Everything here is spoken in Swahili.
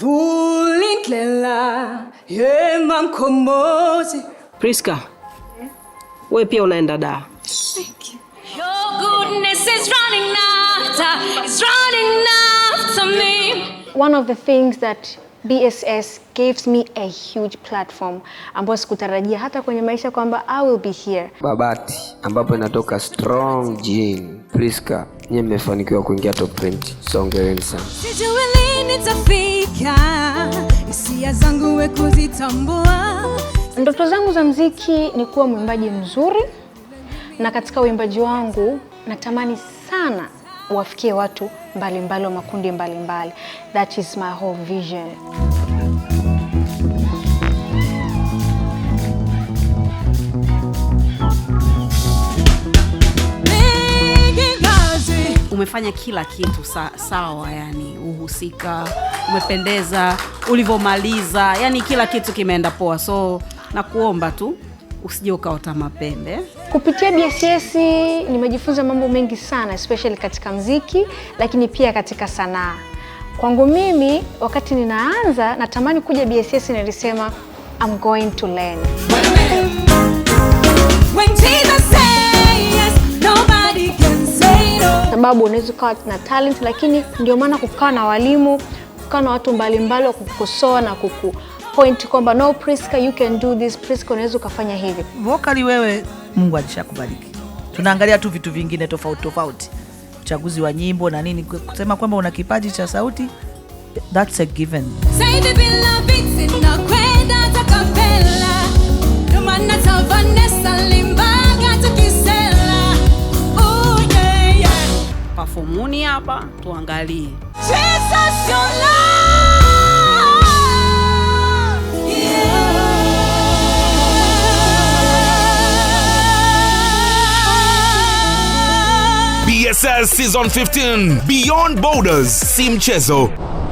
Vulindlela yema mkombozi. Priska, we pia unaenda daa. One of the things that BSS gives me a huge platform ambayo sikutarajia hata kwenye maisha kwamba I will be here. Babati ambapo inatoka strong Jean Priska, nyie mmefanikiwa kuingia top 20, songereni sana. Sijui lini nitafika, hisia zangu we kuzitambua. Ndoto zangu za mziki ni kuwa mwimbaji mzuri, na katika uimbaji wangu natamani sana wafikie watu mbalimbali wa makundi mbalimbali mbali. That is my whole vision. Umefanya kila kitu sa sawa, yani uhusika, umependeza, ulivyomaliza, yani kila kitu kimeenda poa, so nakuomba tu usije ukaota mapembe. Kupitia BSS nimejifunza mambo mengi sana, especially katika mziki, lakini pia katika sanaa. Kwangu mimi, wakati ninaanza natamani kuja BSS, nilisema I'm going to learn. Sababu unaweza ukawa na talent, lakini ndio maana kukawa na walimu, kukawa na watu mbalimbali wa kukosoa na kuku point kwamba no, Priska you can do this, Priska unaweza ukafanya hivi. vokali wewe, Mungu alishakubariki. Tunaangalia tu vitu vingine tofauti tofauti, uchaguzi wa nyimbo na nini, kusema kwamba una kipaji cha sauti that's a given. Oh, Pafomuni hapa tuangalie BSS Season 15 Beyond Borders Simchezo.